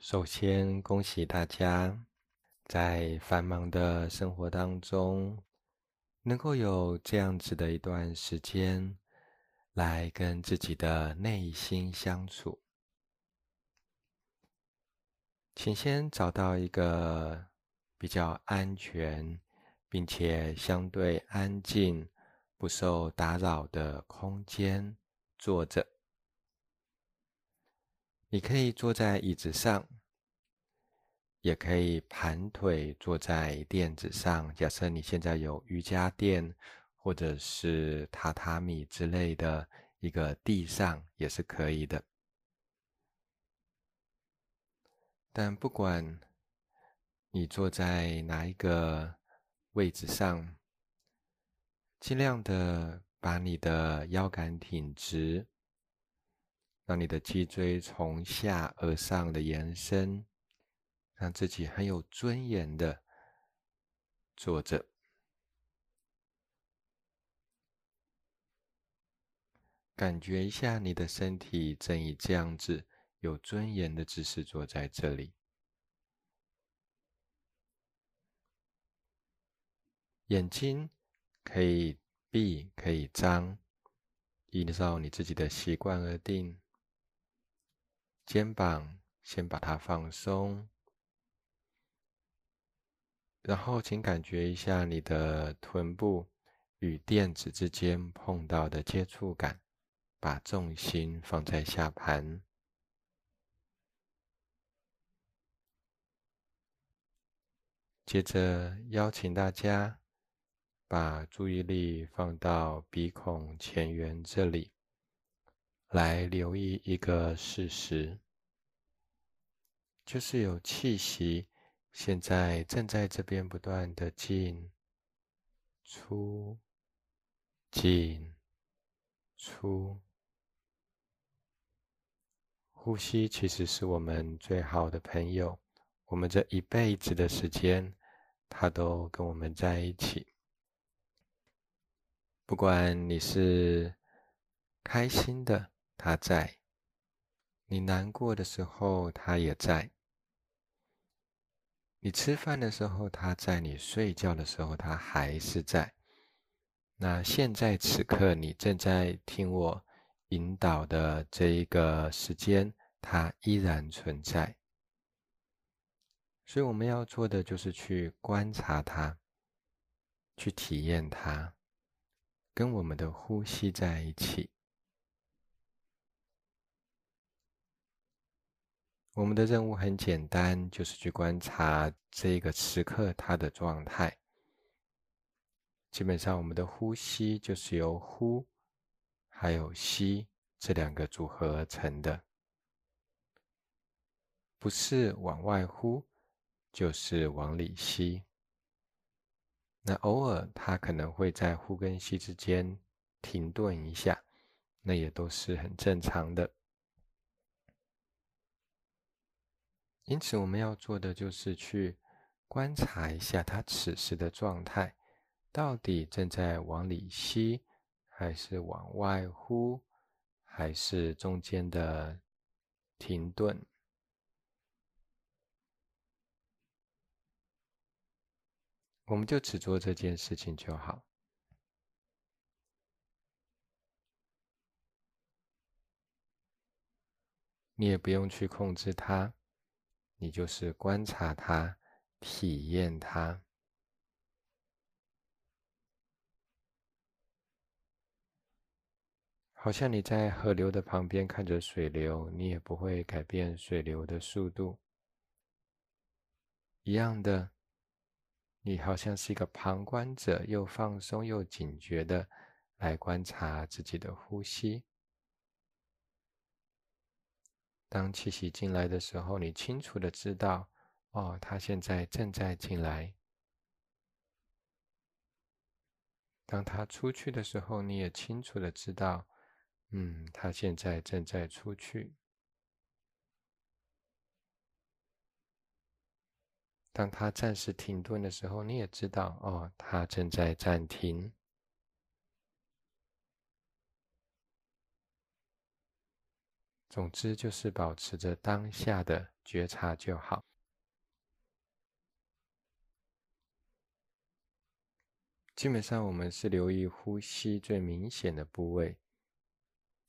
首先，恭喜大家在繁忙的生活當中，能夠有這樣子的一段時間來跟自己的內心相處。請先找到一個比較安全，並且相對安靜、不受打擾的空間，坐着。你可以坐在椅子上，也可以盤腿坐在墊子上。假設你現在有瑜伽墊或者是榻榻米之類的一個地上，也是可以的。但不管你坐在哪一個位置上，盡量的把你的腰桿挺直。讓你的脊椎從下而上的延伸，讓自己很有尊嚴的坐着，感覺一下你的身體正以這樣子有尊嚴的姿勢坐在這裡。眼睛可以閉，可以張，依照你自己的習慣而定。肩膀先把它放鬆，然後請感覺一下你的臀部與墊子之間碰到的接觸感，把重心放在下盤。接着邀請大家把注意力放到鼻孔前緣這裡。來留意一個事實，就是有氣息，現在正在這邊不斷的進、出、進、出。呼吸其實是我們最好的朋友，我們這一輩子的時間，他都跟我們在一起，不管你是開心的。他在，你難過的時候，他也在；你吃飯的時候，他在；你睡覺的時候，他還是在。那現在此刻，你正在聽我引導的這一個時間，它依然存在。所以我們要做的就是去觀察它，去體驗它，跟我們的呼吸在一起。我們的任務很簡單，就是去觀察這個時刻它的狀態。基本上，我們的呼吸就是由呼還有吸這兩個組合而成的，不是往外呼，就是往裡吸。那偶爾它可能會在呼跟吸之間停頓一下，那也都是很正常的。因此，我們要做的就是去觀察一下他此時的狀態，到底正在往裡吸，還是往外呼，還是中間的停頓。我們就只做這件事情就好，你也不用去控制它。你就是觀察它，體驗它。好像你在河流的旁邊看着水流，你也不會改變水流的速度。一樣的，你好像是一個旁觀者，又放鬆又警覺的來觀察自己的呼吸。當氣息進來的時候，你清楚的知道，哦，他現在正在進來；當他出去的時候，你也清楚的知道，嗯，他現在正在出去；當他暫時停頓的時候，你也知道，哦，他正在暫停。總之就是保持着當下的覺察就好。基本上我們是留意呼吸最明顯的部位。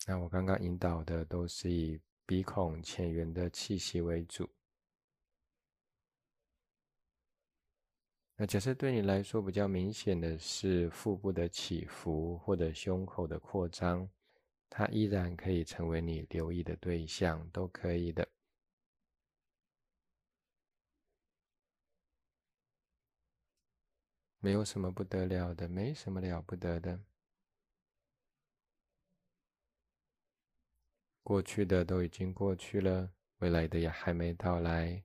那我剛剛引導的都是以鼻孔前緣的氣息為主。那假設對你來說比較明顯的是腹部的起伏或者胸口的擴張。他依然可以成為你留意的對象，都可以的。沒有什麼不得了的，沒什麼了不得的。過去的都已經過去了，未來的也還沒到來。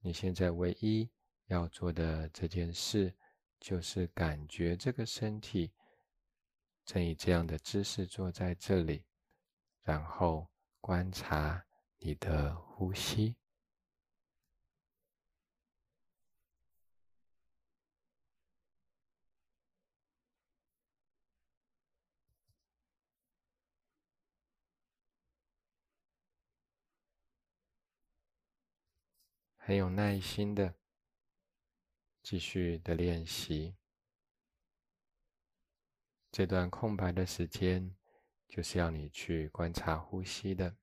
你現在唯一要做的這件事，就是感覺這個身體。正以這樣的姿勢坐在這裡，然後觀察你的呼吸，很有耐心的繼續的練習。這段空白的時間，就是要你去觀察呼吸的。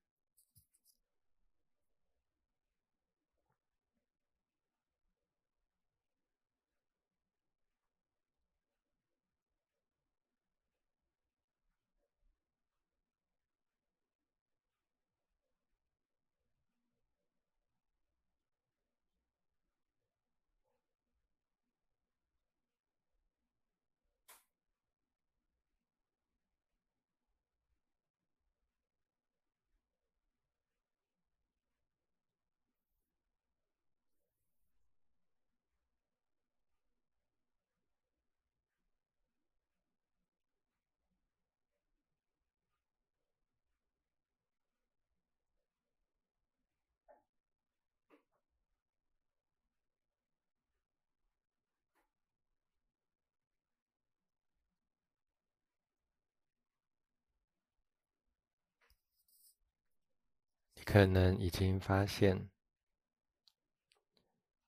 你可能已經發現，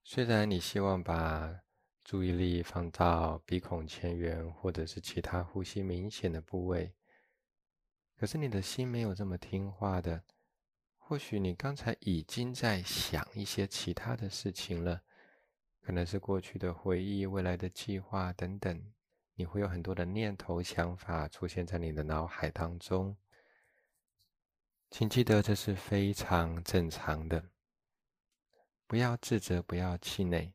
雖然你希望把注意力放到鼻孔前緣或者是其他呼吸明顯的部位，可是你的心沒有這麼聽話的。或許你剛才已經在想一些其他的事情了，可能是過去的回憶、未來的計劃等等。你會有很多的念頭、想法出現在你的腦海當中。請記得，這是非常正常的。不要自責，不要氣餒。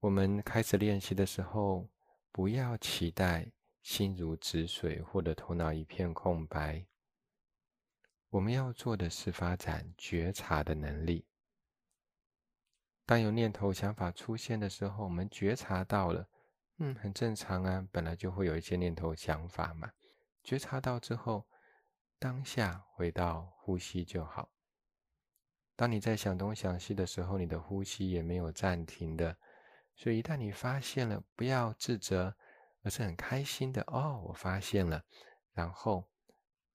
我們開始練習的時候，不要期待心如止水，或者頭腦一片空白。我們要做的是發展覺察的能力。當有念頭想法出現的時候，我們覺察到了，嗯，很正常啊，本來就會有一些念頭想法嘛，覺察到之後，當下回到呼吸就好。當你在想東想西的時候，你的呼吸也沒有暫停的。所以一旦你發現了，不要自責，而是很開心的哦，我發現了。然後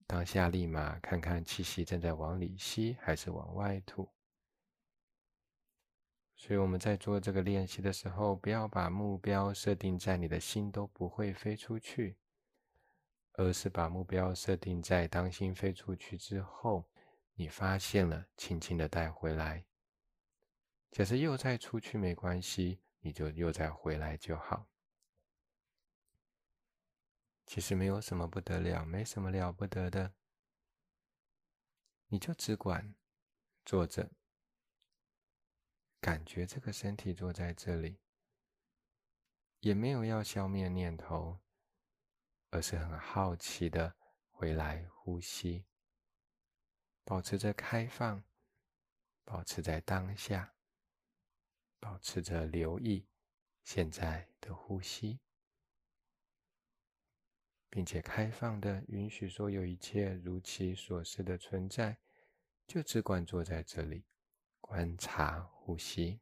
當下立馬看看氣息正在往裡吸還是往外吐。所以我們在做這個練習的時候，不要把目標設定在你的心都不會飛出去。而是把目標設定在當心飛出去之後，你發現了，輕輕的帶回來。假設又再出去沒關係，你就又再回來就好。其實沒有什麼不得了，沒什麼了不得的，你就只管坐着，感覺這個身體坐在這裡，也沒有要消滅念頭。而是很好奇的回來呼吸，保持着開放，保持在當下，保持着留意現在的呼吸，並且開放的允許所有一切如其所是的存在，就只管坐在這裡觀察呼吸。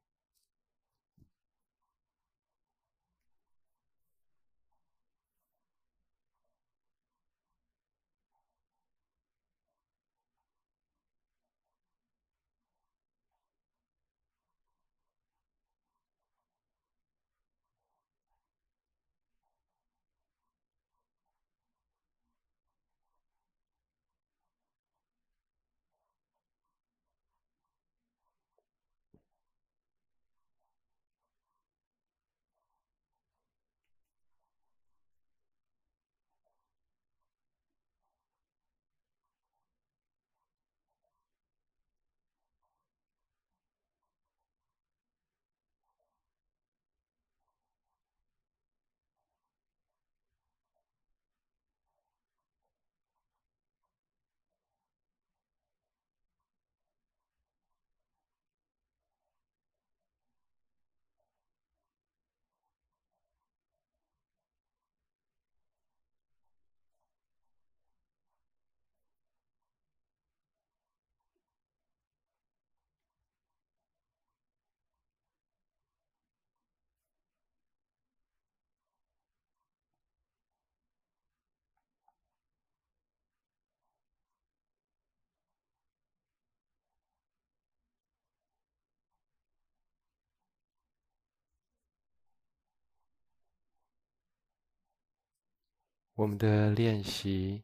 我們的練習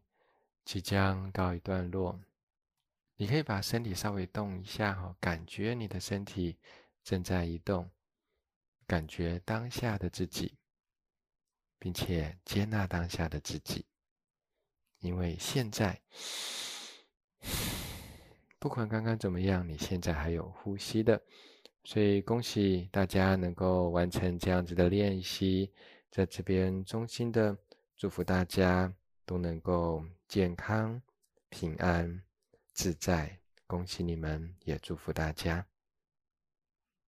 即將告一段落，你可以把身體稍微動一下哦，感覺你的身體正在移動，感覺當下的自己，並且接納當下的自己，因為現在不管剛剛怎麼樣，你現在還有呼吸的，所以恭喜大家能夠完成這樣子的練習，在這邊衷心的。祝福大家都能夠健康、平安、自在。恭喜你們，也祝福大家。